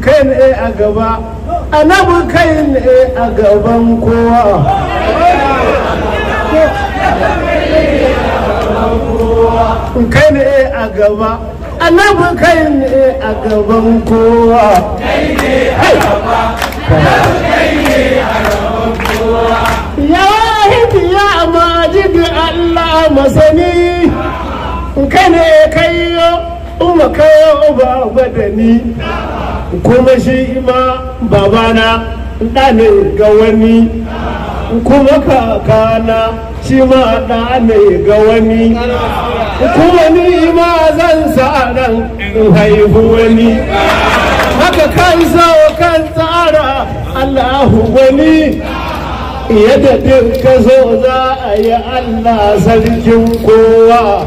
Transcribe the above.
kai ne eh a gaba annabi kai ne eh a gaban kowa kai ne eh a gaba annabi kai ne a gaban kowa ya wahidi ya Allah masani kai ne kai yo kai ba ni. kuma shi ma babana ɗa ne ga wani kuma kakana shi ma ɗa ne ga wani kuma ni ma zan sa in haihu wani haka kan sawa kan tsara allahu wani yadda duk ka zo za a yi allah sarkin kowa